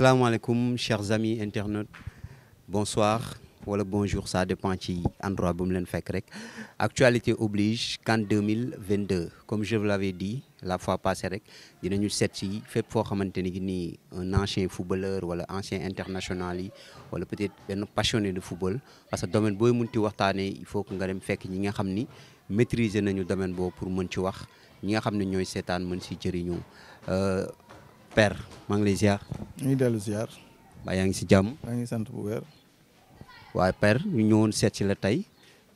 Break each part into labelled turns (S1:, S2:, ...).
S1: alaikum, chers amis internautes bonsoir le bonjour ça dépend de l'endroit où vous avez actualité oblige qu'en 2022 comme je vous l'avais dit la fois passée nous dinañu a si un ancien footballeur un ancien international ou peut-être un passionné de football parce que le domaine qui est il faut que nous dem fekk ñi nga maîtriser domaine pour mën ci wax ñi nous le ne père maa ngi lay ziar. ñu ngi ngi si jàmm. maa ngi sant bu wér. waaye père ñu ñëwoon seet si la tey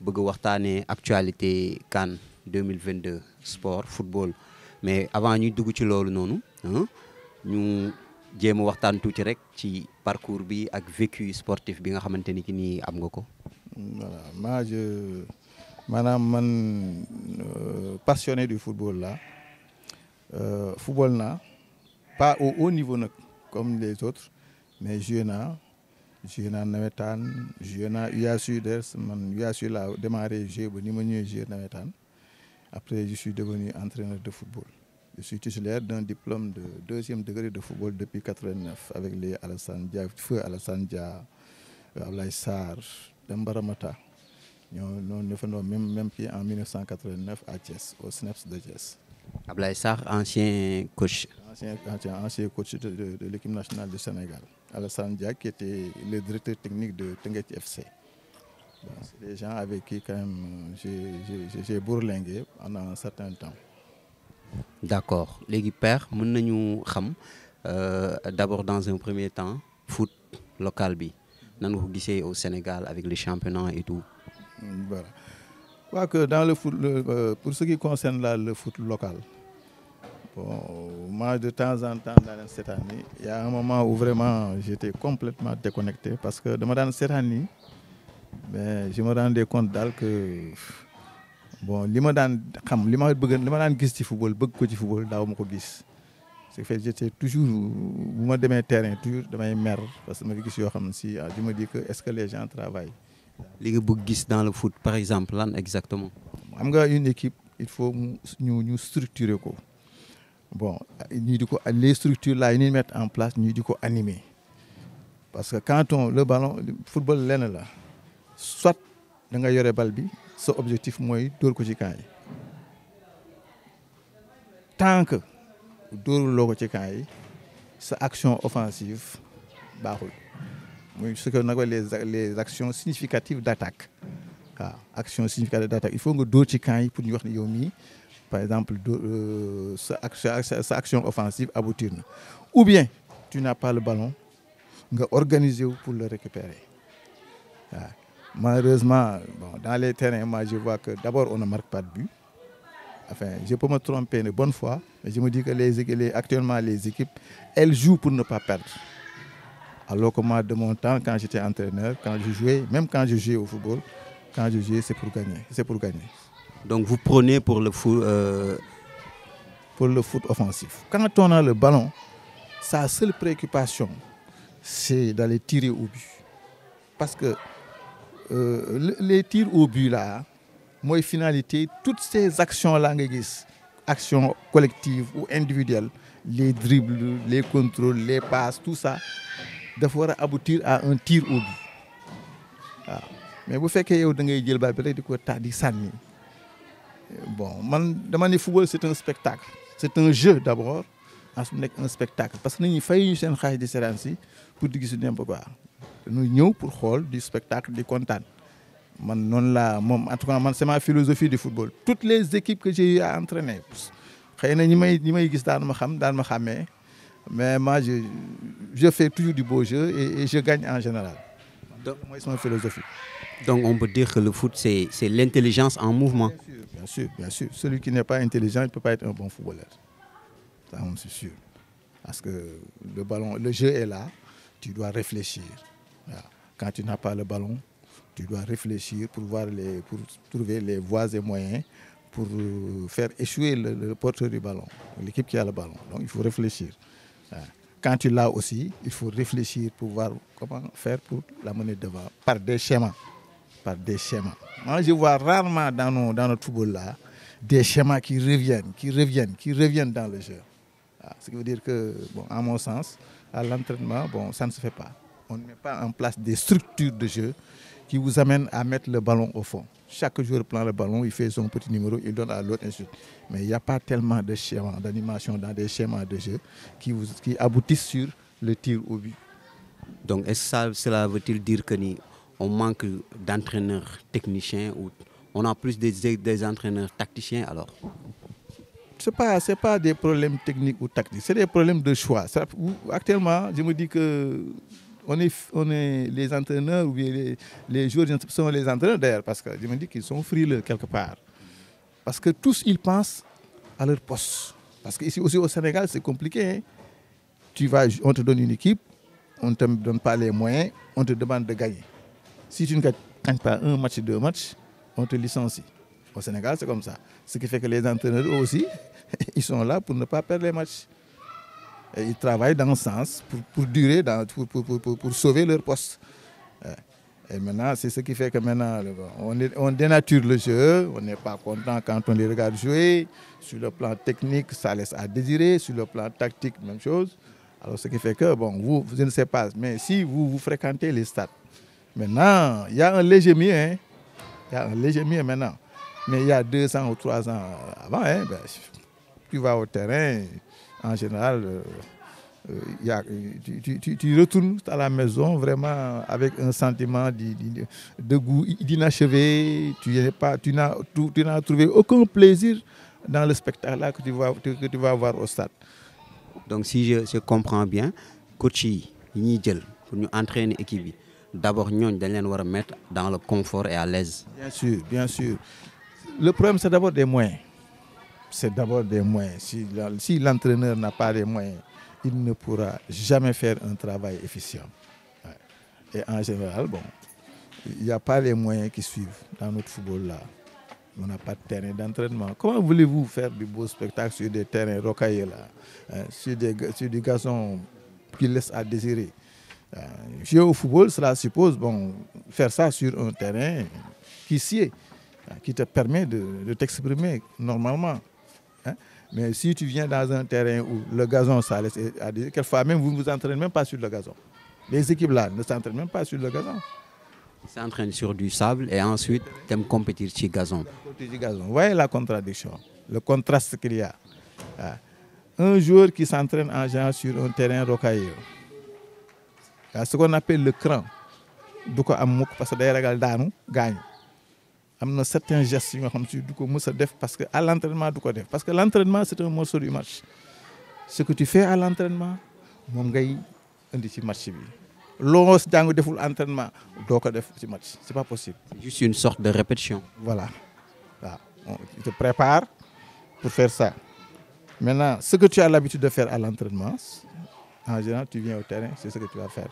S1: bëgg waxtaanee actualité CAN 2022 sport football mais avant ñuy dugg ci loolu noonu ah, ñu jéem a waxtaan tuuti rek ci parcours bi ak vécu sportif bi nga xamante ni ki nii am nga ko.
S2: voilà man euh, passionné du football la euh, football naa. pas au haut niveau comme les autres mais Juna, Juna Nametan, Juna de après je suis devenu entraîneur de football je suis titulaire d'un diplôme de deuxième degré de football depuis 89 avec les Alassane Dia feu Alassane Dia Sar, Dembara Mata même même pied en 1989 à Thiès au SNEPS de Thiès.
S1: Ablaye ancien coach.
S2: Ancien, ancien, coach de, l'équipe nationale du Sénégal. Alassane Diak, qui était le directeur technique de Tenguet FC. C'est des gens avec qui quand même j'ai bourlingué pendant un certain temps.
S1: D'accord. L'équipe père, nous savons euh, d'abord dans un premier temps, foot local. Nous avons au Sénégal avec les championnats et tout.
S2: Voilà crois que dans le foot, le, euh, pour ce qui concerne là, le foot local, bon, moi de temps en temps dans cette année, il y a un moment où vraiment j'étais complètement déconnecté parce que dans cette année, mais je me rendais compte d'al que bon li ma xam li ma bëgg li ma ci football bëgg ko ci football là où ko gis ce fait j'étais toujours bu ma demee terrain toujours damay mer parce que ma fi gis yoo xam si ah, je me dis que est-ce que les gens travaillent
S1: les nga dans le foot par exemple là, exactement.
S2: une équipe il faut nous structurer ko bon les structures là nous les mettre en place nous les animer parce que quand on le ballon le football soit da a le ballon, son objectif est de le ci tant que le ko ci camp sa action offensive barre ce qu'on appelle les, les actions significatives d'attaque ah, action significative il faut que d'autres. pour nous par exemple euh, sa action offensive aboutir ou bien tu n'as pas le ballon tu organiser pour le récupérer ah, malheureusement dans les terrains je vois que d'abord on ne marque pas de but enfin je peux me tromper une bonne fois mais je me dis que les actuellement les équipes elles jouent pour ne pas perdre. Alors que moi, de mon temps, quand j'étais entraîneur, quand je jouais, même quand je jouais au football, quand je jouais, c'est pour gagner. C'est pour gagner.
S1: Donc vous prenez pour le foot euh, Pour le foot
S2: offensif. Quand on a le ballon, sa seule préoccupation, c'est d'aller tirer au but. Parce que euh, les tirs au but là, moi, finalité, toutes ces actions-là, actions collectives ou individuelles, les dribbles, les contrôles, les passes, tout ça, d'avoir aboutir à un tir au but mais vous faites que vous avez jël que vous avez dit ko bon man dama football c'est un spectacle c'est un jeu d'abord ensuite un spectacle parce que nous avons fait une chaîne de séance pour di gis quoi nous pour xool du spectacle di content. man non la, en tout cas c'est ma philosophie du football toutes les équipes que j'ai eu à entraîner xëy na ñi may ñi may gis ma xam ma mais moi, je, fais toujours du beau jeu et, je gagne en général. Donc,
S1: moi, c'est ma philosophie. Donc, on peut dire que le foot, c'est
S2: l'intelligence en mouvement. Bien sûr, bien sûr, Celui qui n'est pas intelligent, il ne peut pas être un bon footballeur. Ça, on est sûr. Parce que le ballon, le jeu est là, tu dois réfléchir. Quand tu n'as pas le ballon, tu dois réfléchir pour, voir les, pour trouver les voies et moyens pour euh, faire échouer le porteur du ballon, l'équipe qui a le ballon. Donc, il faut réfléchir. Euh, quand tu l'as aussi, il faut réfléchir pour voir comment faire pour la l'amener devant par des schémas. Par des schémas. Moi, je vois rarement dans, notre football-là des schémas qui reviennent, qui reviennent, qui reviennent dans le jeu. Ah, ce qui veut dire que, bon, à mon sens, à l'entraînement, bon, ça ne se fait pas. On ne met pas en place des structures de jeu qui vous amènent à mettre le ballon au fond. Chaque joueur prend le ballon, il fait son petit numéro, il donne à l'autre, Mais il n'y a pas tellement de schémas d'animation dans des schémas de jeu qui, vous, qui aboutissent sur le tir au but.
S1: Donc, est-ce cela veut-il dire que on manque d'entraîneurs techniciens ou on a plus des, entraîneurs tacticiens alors
S2: Ce n'est pas, pas des problèmes techniques ou tactiques, c'est des problèmes de choix. actuellement, je me dis que on est, les entraîneurs ou bien les, joueurs sont les entraîneurs d'ailleurs, parce que je me dis qu'ils sont frileux quelque part. Parce que tous, ils pensent à leur poste. Parce qu'ici aussi au Sénégal, c'est compliqué. Hein. Tu vas, on te donne une équipe, on ne te donne pas les moyens, on te demande de gagner. Si tu ne gagnes pas un match, deux matchs, on te licencie. Au Sénégal, c'est comme ça. Ce qui fait que les entraîneurs aussi, ils sont là pour ne pas perdre les matchs ils travaillent dans le sens pour, pour durer, dans, pour, pour, pour, sauver leur poste. Et maintenant, c'est ce qui fait que maintenant, on, dénature le jeu, on n'est pas content quand on les regarde jouer. Sur le plan technique, ça laisse à désirer. Sur le plan tactique, même chose. Alors, ce qui fait que, bon, vous, je ne sais pas, mais si vous, vous fréquentez les stades, maintenant, il y a un léger mieux, hein. Il y a un léger mieux maintenant. Mais il y a deux ans ou trois ans avant, hein, ben, tu vas au terrain, en général, euh, euh, tu, retournes à la maison vraiment avec un sentiment de, goût d'inachevé. Tu n'as trouvé aucun plaisir dans le spectacle que tu vas, que voir au stade.
S1: Donc, si je, comprends bien, coach, nous pour nous entraîner l'équipe, d'abord, nous devons mettre dans le confort et à l'aise.
S2: Bien sûr, bien sûr. Le problème, c'est d'abord des moyens c'est d'abord des moyens. Si, l'entraîneur n'a pas les moyens, il ne pourra jamais faire un travail efficient. Et en général, bon, il n'y a pas les moyens qui suivent dans notre football-là. On n'a pas de terrain d'entraînement. Comment voulez-vous faire du beaux spectacles sur des terrains rocaillés, là, hein, sur, des, sur qui laisse à désirer euh, Jouer au football, cela suppose bon, faire ça sur un terrain qui sied, qui te permet de, de t'exprimer normalement. Hein. Mais si tu viens dans un terrain où le gazon sale, eh, quelquefois même vous ne vous entraînez même pas sur le gazon. Les équipes-là ne
S1: s'entraînent même pas sur le gazon. Ils s'entraînent sur du sable et ensuite ils compétir sur le gazon.
S2: Vous voyez la contradiction, le contraste qu'il y a. Ah. Un joueur qui s'entraîne en gens sur un terrain rocailleux, ce qu'on appelle le cran, parce que gagne amna certains gestes yi nga xam du def parce que à l'entraînement. du def parce que l'entraînement, c'est un morceau du match ce que tu fais à l'entraînement, mom un indi ci match bi que jàng deful entraînement doo def ci match C'est pas possible.
S1: juste une sorte de répétition.
S2: voilà on te prépare pour faire ça maintenant ce que tu as l'habitude de faire à l'entraînement en général tu viens au terrain c'est ce que tu vas faire.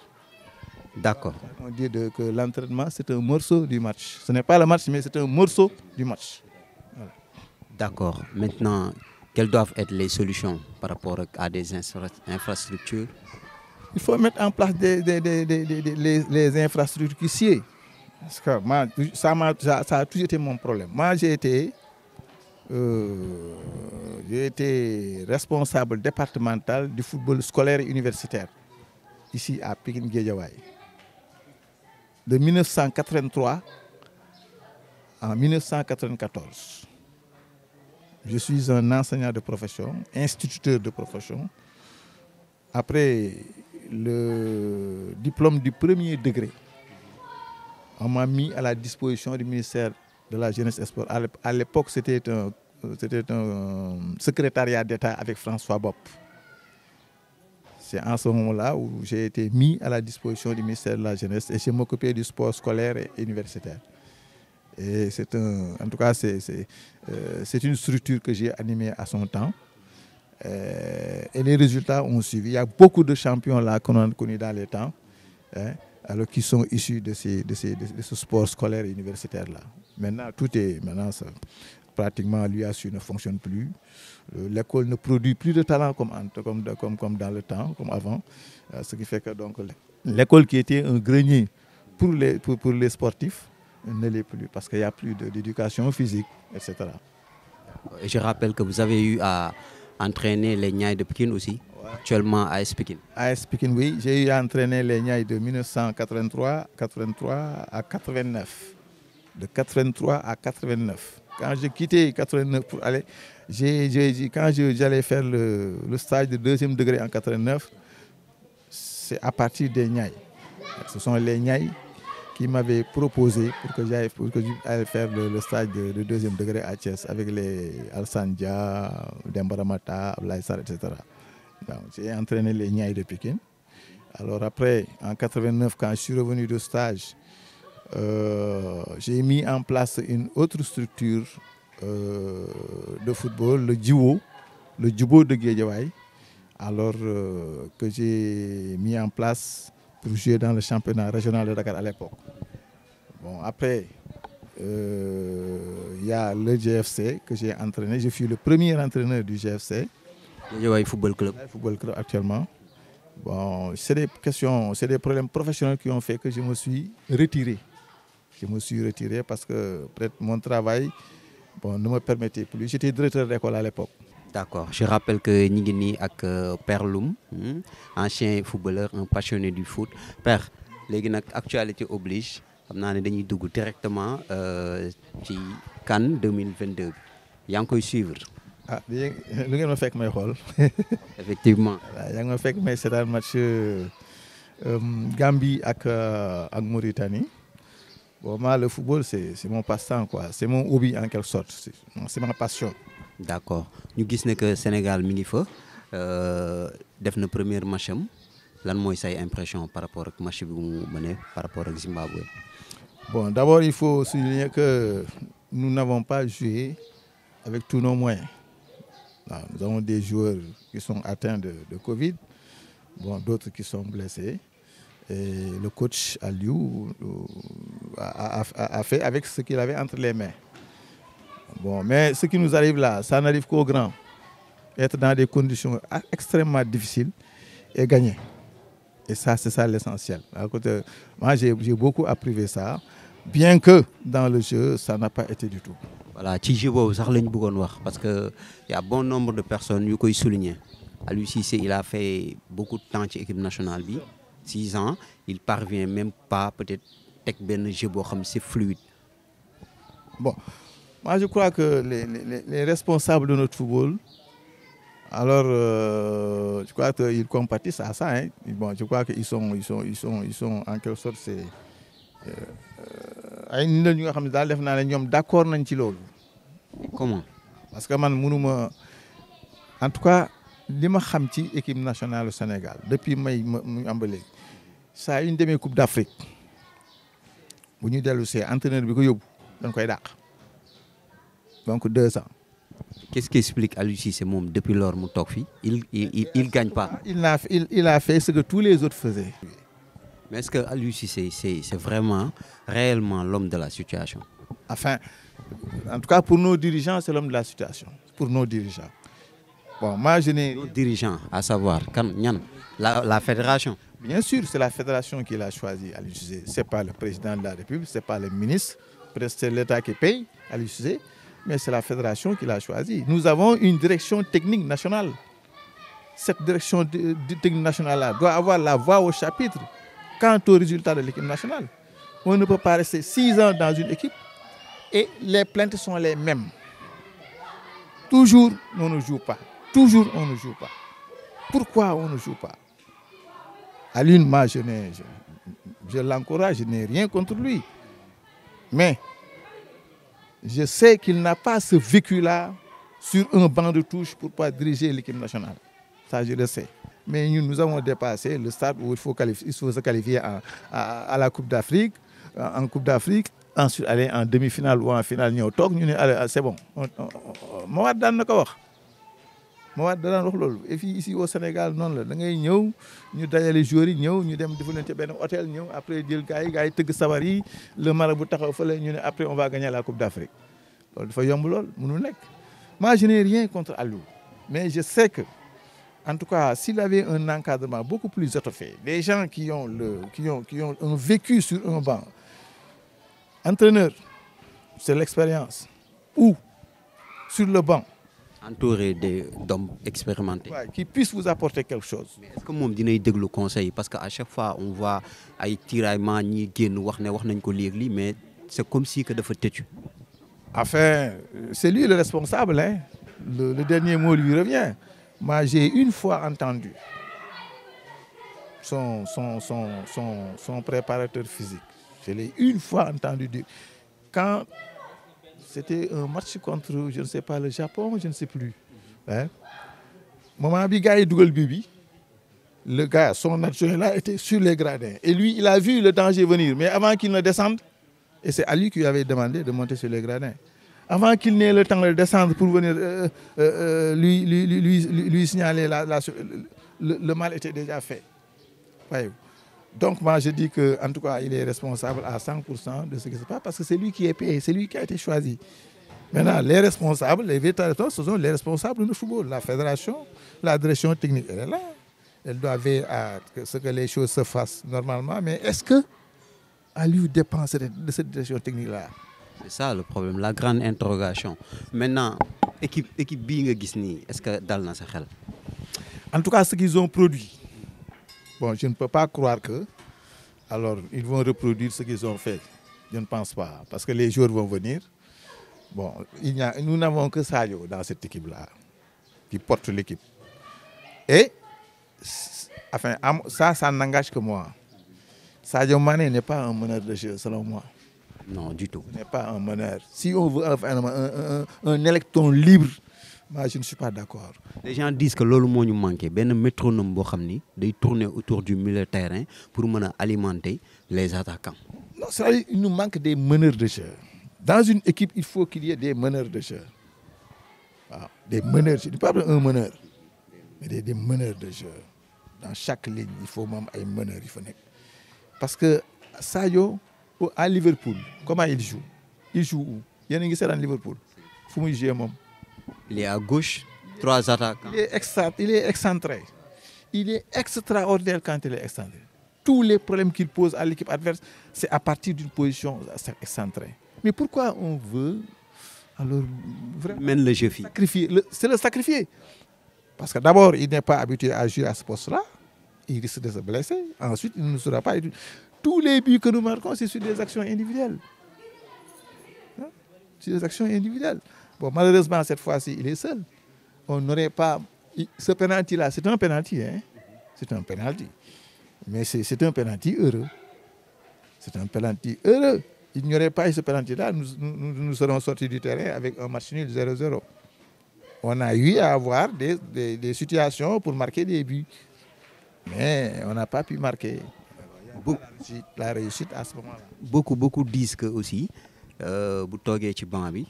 S2: D'accord. On dit que l'entraînement, c'est un morceau du match. Ce n'est pas le match, mais c'est un morceau
S1: du match. D'accord. Maintenant, quelles doivent être les solutions par rapport à des infrastructures
S2: Il faut mettre en place des, les, infrastructures ici. Parce que ça, a, toujours été mon problème. Moi, euh, j'ai été, responsable départemental du football scolaire et universitaire ici à Pékin-Guédiawaye de 1983 en 1994. Je suis un enseignant de profession, instituteur de profession. Après le diplôme du premier degré, on m'a mis à la disposition du ministère de la Jeunesse et Sport. À l'époque, c'était un, secrétariat d'État avec François Bopp. C'est en ce moment-là où j'ai été mis à la disposition du ministère de la Jeunesse et je m'occupais du sport scolaire et universitaire. Et c'est un, en tout cas, c'est euh, une structure que j'ai animée à son temps. Euh, et les résultats ont suivi. Il y a beaucoup de champions là qu'on a connus dans les temps, hein, alors qui sont issus de, ces, ce sport scolaire et universitaire là. Maintenant, tout est maintenant, pratiquement l'UASU ne fonctionne plus. Euh, l'école ne produit plus de talents comme, comme, comme, dans le temps, comme avant. Euh, ce qui fait que donc l'école qui était un grenier pour les, pour, les sportifs ne l'est plus parce qu'il n'y a plus d'éducation physique, etc.
S1: je rappelle que vous avez eu à entraîner les niais de Pekin aussi, actuellement à Pékin.
S2: À Pékin, oui. J'ai eu à entraîner les niais de 1983 83 à 89. De 83 à 89. Quand j'ai quitté 89 pour aller, j'ai, ai, quand j'allais faire le, stage de deuxième degré en 89, c'est à partir des Niaï. Ce sont les Niaï qui m'avaient proposé pour que j'aille faire le, stage de, deuxième degré à Thiès avec les Alsandia, Dembaramata, Ablaïsar, etc. J'ai entraîné les Niaï de Pékin. Alors après, en 89, quand je suis revenu de stage, euh, j'ai mis en place une autre structure euh, de football, le duo, le duo de Guédiawaye, alors euh, que j'ai mis en place pour jouer dans le championnat régional de Dakar à l'époque. Bon, après, il y a le GFC que j'ai entraîné. Je suis le premier entraîneur du GFC. Football Club. Football Club actuellement. Bon, c'est des questions, c'est des problèmes professionnels qui ont fait que je me suis retiré je me suis retiré parce que mon travail bon, ne me permettait plus. J'étais directeur d'école à l'époque. D'accord.
S1: Je rappelle que Nigini avec Lum, ancien footballeur, un passionné du foot. Père, l'actualité oblige. nous naa dañuy directement euh, ci Cannes 2022 Il yaa suivre.
S2: ah nous ngeen ma mes may
S1: effectivement.
S2: Nous yaa fait certains matchs match euh, euh, Gambie ak ak Mauritanie moi, le football, c'est mon passe-temps, quoi. C'est mon hobby,
S1: en quelque sorte. C'est ma passion. D'accord. Nous disons que le Sénégal mini feu euh, def na premier match lan moy impression par rapport au match que par rapport au Zimbabwe.
S2: Bon, d'abord, il faut souligner que nous n'avons pas joué avec tous nos moyens. nous avons des joueurs qui sont atteints de, de Covid, bon, d'autres qui sont blessés le coach Aliou euh, a, fait avec ce qu'il avait entre les mains. Bon, mais ce qui nous arrive là, ça n'arrive qu'au grand. Être dans des conditions extrêmement difficiles et gagner. Et ça, c'est ça l'essentiel. Euh, moi, j'ai beaucoup apprécié ça, bien que dans le jeu, ça n'a pas été du tout.
S1: Voilà, parce qu'il y a bon nombre de personnes qui ont souligné. À lui, il a fait beaucoup de temps chez l'équipe nationale six ans il parvient même pas peut-être avec benn jeu c'est fluide.
S2: bon moi je crois que les responsables de notre football alors euh, je crois qu'ils compatissent à ça hein bon je crois qu'ils sont ils sont ils sont ils sont en quelque sorte euh, d'accord comment. parce que man en tout cas l'équipe équipe nationale du Sénégal depuis que je suis ça une demi coupe d'Afrique entraîneur de
S1: donc deux ans. qu'est-ce qui explique à ce depuis lors mu il il il gagne pas.
S2: il a il a fait ce que tous les autres faisaient.
S1: mais est-ce que à c'est vraiment réellement l'homme de la situation.
S2: enfin en tout cas pour nos dirigeants c'est l'homme de la situation pour nos dirigeants bon moi je n'ai. nos
S1: dirigeants à savoir la la fédération.
S2: Bien sûr, c'est la fédération qui l'a choisi à l'UCC. Ce n'est pas le président de la République, ce n'est pas le ministre, c'est l'État qui paye à l'UCC, mais c'est la fédération qui l'a choisi. Nous avons une direction technique nationale. Cette direction technique nationale doit avoir la voix au chapitre quant au résultat de l'équipe nationale. On ne peut pas rester six ans dans une équipe et les plaintes sont les mêmes. Toujours, on ne joue pas. Toujours, on ne joue pas. Pourquoi on ne joue pas l'une, moi, je, je, je l'encourage, je n'ai rien contre lui. Mais je sais qu'il n'a pas ce vécu-là sur un banc de touche pour pas diriger l'équipe nationale. Ça, je le sais. Mais nous, avons dépassé le stade où il faut, il faut se qualifier à, la Coupe d'Afrique, en Coupe d'Afrique, ensuite aller en demi-finale ou en finale. Ah, c'est bon. Moi, d'accord. Moi, dans daan et ici au Sénégal non. là, da ngay nous ñu dajale joueurs nous ñu dem defal hôtel nous après jël gars yi gars yi le marabout taxaw après on va gagner la coupe d'Afrique. yomb moi je n'ai rien contre Alou, mais je sais que en tout cas s'il avait un encadrement beaucoup plus étoffé des gens qui ont le qui ont qui ont un vécu sur un banc entraîneur c'est l'expérience ou
S1: sur le banc entouré d'hommes expérimentés. qui puissent vous apporter quelque chose. Est-ce que vous avez le conseil Parce qu'à chaque fois, on voit des tiraillements, des gens mais c'est comme si que des têtu. Enfin, c'est lui le responsable. Hein. Le, dernier mot lui revient. Moi, j'ai une
S2: fois entendu son, son, son, son, son préparateur physique. Je l'ai une fois entendu dire quand c'était un match contre je ne sais pas le Japon je ne sais plus Maman hein? moment le gars son naturel était sur les gradins et lui il a vu le danger venir mais avant qu'il ne descende et c'est à lui qu'il avait demandé de monter sur les gradins avant qu'il n'ait le temps de descendre pour venir euh, euh, euh, lui, signaler la, le, mal était déjà fait. Donc moi je dis que tout cas il est responsable à 100% de ce qui se passe parce que c'est lui qui est payé, c'est lui qui a été choisi. Maintenant les responsables, les vétérans, ce sont les responsables du football, la fédération, la direction technique elle est là, elle doit veiller à ce que les choses se fassent normalement. Mais est-ce que à lui de cette direction technique là?
S1: C'est ça le problème, la grande interrogation. Maintenant équipe équipe et est-ce que dal na
S2: En tout cas ce qu'ils ont produit. Bon, je ne peux pas croire que, alors, ils vont reproduire ce qu'ils ont fait. Je ne pense pas, parce que les jours vont venir. Bon, nous n'avons que Sadio dans cette équipe-là, qui porte l'équipe. Et, enfin, ça, ça n'engage que moi. Sadio Mané n'est pas un meneur de jeu, selon moi. Non, du tout. Il n'est pas un meneur. Si on veut un électron libre moi, je ne suis pas d'accord.
S1: Les gens disent que l'eau nous manque. Ben métronome Bohamni, de tourner autour du milieu terrain pour alimenter les attaquants. Non, ça, il nous manque des meneurs de jeu. Dans une équipe, il faut qu'il y ait
S2: des meneurs de jeu. des meneurs, je ne parle pas un meneur, mais des, meneurs de jeu. Dans chaque ligne, il faut même un meneur. Il faut... Parce que Sayo, à Liverpool, comment il joue Il joue où Il y a un Liverpool.
S1: Il faut jouer il est à gauche, trois attaques. Il
S2: est, il est excentré. Il est extraordinaire quand il est excentré. Tous les problèmes qu'il pose à l'équipe adverse, c'est à partir d'une position excentrée. Mais pourquoi on veut
S1: alors vraiment le jeu
S2: sacrifier C'est le sacrifier. Parce que d'abord, il n'est pas habitué à agir à ce poste-là. Il risque de se blesser. Ensuite, il ne sera pas. Tous les buts que nous marquons, c'est sur des actions individuelles. c'est hein? des actions individuelles malheureusement, cette fois-ci, il est seul. On n'aurait pas. Ce pénalty-là, c'est un pénalty. Hein. C'est un penalty. Mais c'est un pénalty heureux. C'est un penalty heureux. Il n'y aurait pas eu ce pénalty-là, nous, nous, serons sortis du terrain avec un match nul 0-0. On a eu à avoir des, situations pour marquer des buts. Mais on n'a pas pu marquer. la, réussite, à ce moment-là.
S1: Beaucoup, beaucoup disent que aussi, euh, bu toogee ci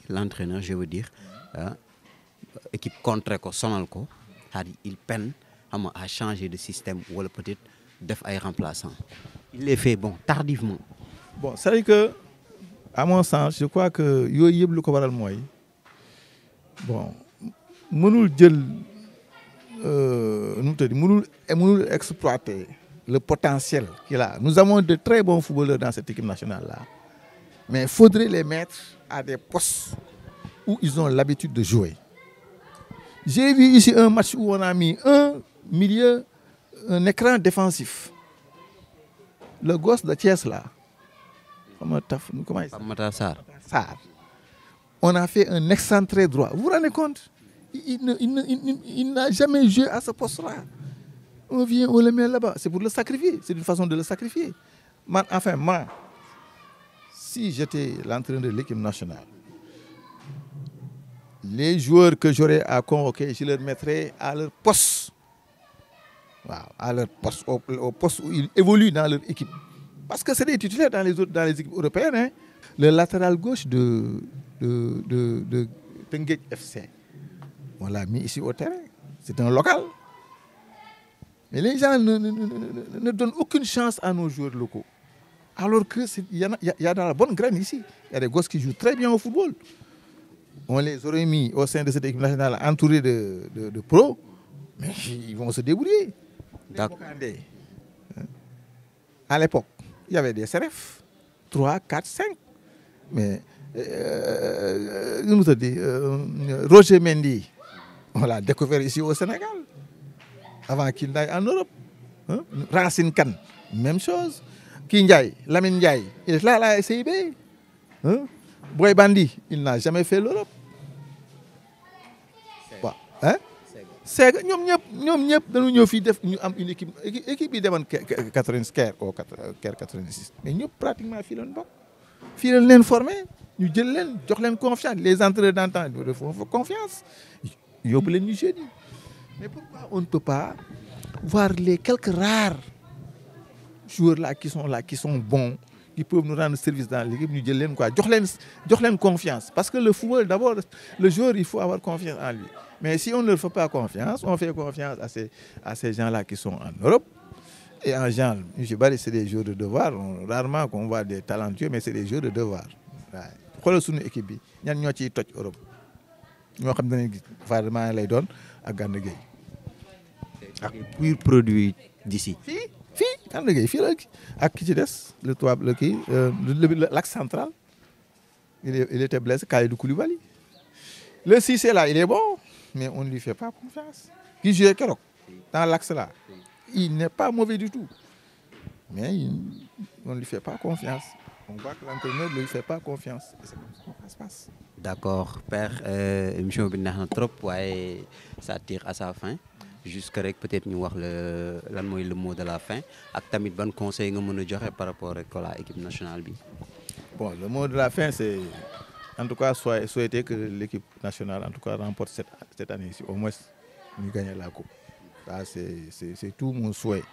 S1: l'entraîneur je veux dire ah, équipe contre ko sonal ko il peine à changer de système ou peut-être def ay remplaçant il l'a fait bon tardivement. bon c'est vrai que à mon sens je crois que yooyu yëpp le ko waral
S2: bon mënul nous euh, nous exploiter le potentiel qu'il a nous avons de très bons footballeurs dans cette équipe nationale là. Mais il faudrait les mettre à des postes où ils ont l'habitude de jouer. J'ai vu ici un match où on a mis un milieu, un écran défensif. Le gosse de Thiès là, comment il
S1: s'appelle Sar.
S2: On a fait un excentré droit. Vous vous rendez compte Il n'a jamais joué à ce poste-là. On vient, on le met là-bas. C'est pour le sacrifier. C'est une façon de le sacrifier. Enfin, moi, si j'étais l'entraîneur de l'équipe nationale, les joueurs que j'aurais à convoquer, je les mettrais à leur poste. à leur poste, au, poste où ils évoluent dans leur équipe. Parce que c'est des titulaires dans les, autres, dans les équipes européennes. Hein. Le latéral gauche de, de, FC, on l'a mis ici au terrain. C'est un local. Mais les gens ne donnent aucune chance à nos joueurs locaux. Alors qu'il y, a, y a dans la bonne graine ici. Il y a des gosses qui jouent très bien au football. On les aurait mis au sein de cette équipe nationale entourée de, de, pros, mais ils vont se débrouiller. D'accord. Hein? À l'époque, il y avait des CRF. 3, 4, 5. Mais, euh, euh, nous dit, euh, Roger Mendy, on l'a découvert ici au Sénégal, avant qu'il n'aille en Europe. Hein? Racine Khan, même chose kii Ndiaye Lamine Ndiaye il est là à la CIB hein? Boy Bandi il n'a jamais fait l'Europe quoi C'est Sega nous ñëpp nous ñëpp dañu ñëw am une équipe équipe bi demoon quatre-vingt ou 40 40. mais nous pratiquement fii lañ bokk fii lañ leen formé ñu jël leen jox leen confiance les entraîneurs d'antan font confiance yóbbu leen ñu jeunes mais pourquoi on ne peut pas voir les quelques rares joueurs là qui sont là qui sont bons qui peuvent nous rendre service dans l'équipe nous jël quoi confiance parce que le football d'abord le joueur il faut avoir confiance en lui mais si on ne leur fait pas confiance on fait confiance à ces à ces gens là qui sont en Europe et en genre monsieur Barry c'est des joueurs de devoir rarement qu'on voit des talentueux mais c'est des jeux de devoir Pourquoi xoolal suñu équipe nous ñan ñoo ciy toj Europe Nous xam ne vraiment les dons à Gana C'est le pur produit d'ici ah, il fait le tubaab euh, l'axe central il est il était blessé du Koulibaly le c'est là il est bon mais on ne lui fait pas confiance qui jouait Kerok dans l'axe là il n'est pas mauvais du tout mais on ne lui fait pas confiance on voit que l'entraîneur ne lui fait pas confiance et c'est comme ça passe.
S1: d'accord père euh, M. bi trop ça tire à sa fin. Jusqu'à peut-être nous voir le mot de la fin Et tamit conseil nga nous a joxe par rapport à l'équipe nationale
S2: bon le mot de la fin c'est en tout cas souhaiter que l'équipe nationale en tout cas remporte cette cette année ci au moins nous gagnons la coupe c'est tout mon souhait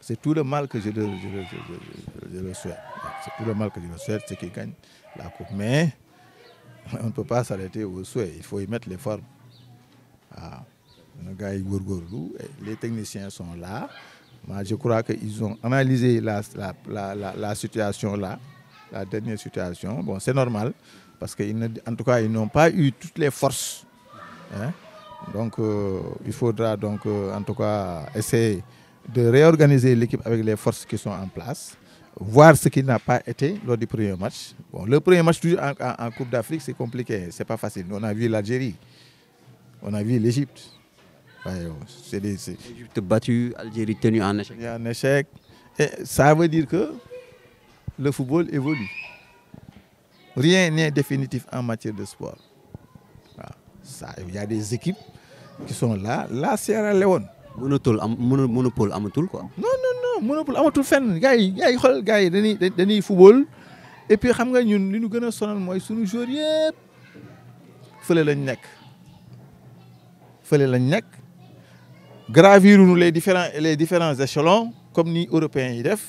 S2: c'est tout le mal que je le souhaite c'est tout le mal que je le souhaite c'est qu'ils gagnent la coupe mais on ne peut pas s'arrêter au souhait il faut y mettre l'effort les techniciens sont là mais je crois qu'ils ont analysé la situation là la dernière situation bon c'est normal parce que tout cas ils n'ont pas eu toutes les forces hein. donc euh, il faudra donc euh, en tout cas essayer de réorganiser l'équipe avec les forces qui sont en place voir ce qui n'a pas été lors du premier match. Bon, le premier match toujours en, en Coupe d'Afrique, c'est compliqué, c'est pas facile. On a vu l'Algérie, on a vu l'Égypte c'est des.
S1: Égypte battue, Algérie tenue en échec.
S2: En échec. Et ça veut dire que le football évolue. Rien n'est définitif en matière de sport. Ah, il y a des équipes qui sont là. Là, Sierra Leone.
S1: Monopole, monopole Amatoul quoi. Non,
S2: non, non, monopole Amatoul fenn. gars y hol, gars yi dañuy football. et puis xam nga ñun li ñu gëna sonal mooy suñu joueurs yépp fële lañ nekk. fële lañ nekk gravirons les différents les différents échelons comme ni européens yi def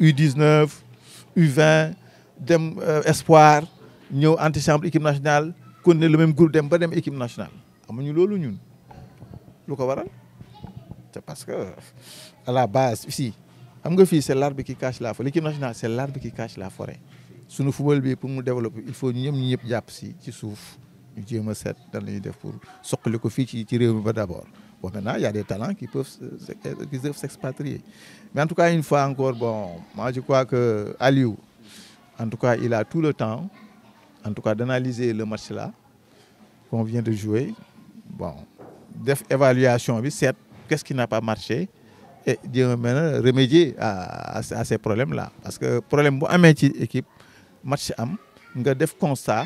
S2: U19 U20 dem euh, espoir ñëw antichambre équipe nationale kon ne le même groupe dem ba dem équipe nationale amuñu loolu ñun lu ko waral c'est parce que à la base ici xam nga c'est l'arbre qui cache la forêt l'équipe nationale c'est l'arbre qui cache la forêt suñu football bi pour mu développer il faut ñoom ñëpp jàpp si ci suuf ñu jéem a seet dan def pour soqali ko fii ci ba d'abord Bon, maintenant, il y a des talents qui peuvent s'expatrier. Mais en tout cas, une fois encore, bon, moi je crois que Aliou, en tout cas, il a tout le temps, en tout cas, d'analyser le match-là qu'on vient de jouer. Bon, d'évaluation, certes, qu'est-ce qui n'a pas marché et de maintenant remédier à, ces problèmes-là. Parce que problème, à équipe, match, am, nga constat,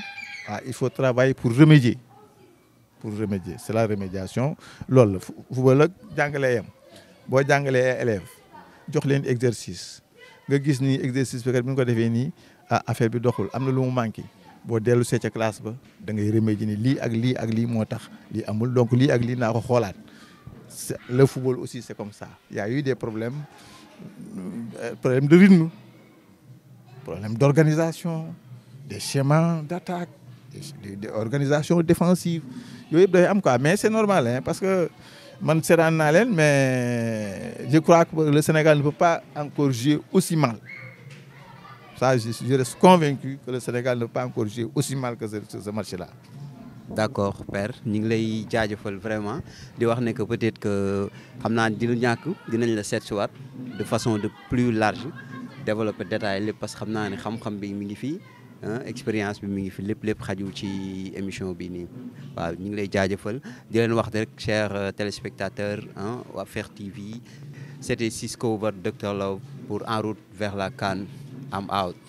S2: ah, il faut travailler pour remédier pour remédier c'est la remédiation lol football ak jàngalee yam élève jàngalee élèves jox leen exercice nga gis ni exercice bi kat ko à faire plus affaire bi doxul am na lu mu manqué classe ba da ngay remédier ni li ak li ak li amul donc li ak na naa le football aussi c'est comme ça il y a eu des problèmes euh, problèmes de rythme problèmes d'organisation des schémas d'attaque des organisations défensives oui, quoi mais c'est normal hein parce que man mais je crois que le Sénégal ne peut pas encore jouer aussi mal ça je, reste convaincu que le Sénégal ne peut pas encore jouer aussi mal que ce, marché
S1: match là. D'accord Père nous sommes lay vraiment di wax ne que peut être que nous avons di lu ñàkk de façon de plus large développer des détails, parce que nous savons ne xam-xam bi mi Hein, expérience bi mi ngi fi lépp lépp xaju ci émission bi nii waaw ñu ngi lay jaajëfal di leen wax rek chers euh, téléspectateurs hein, waa Fekh TV c'était Cisco votre Docteur Love pour en route vers la CAN I'm out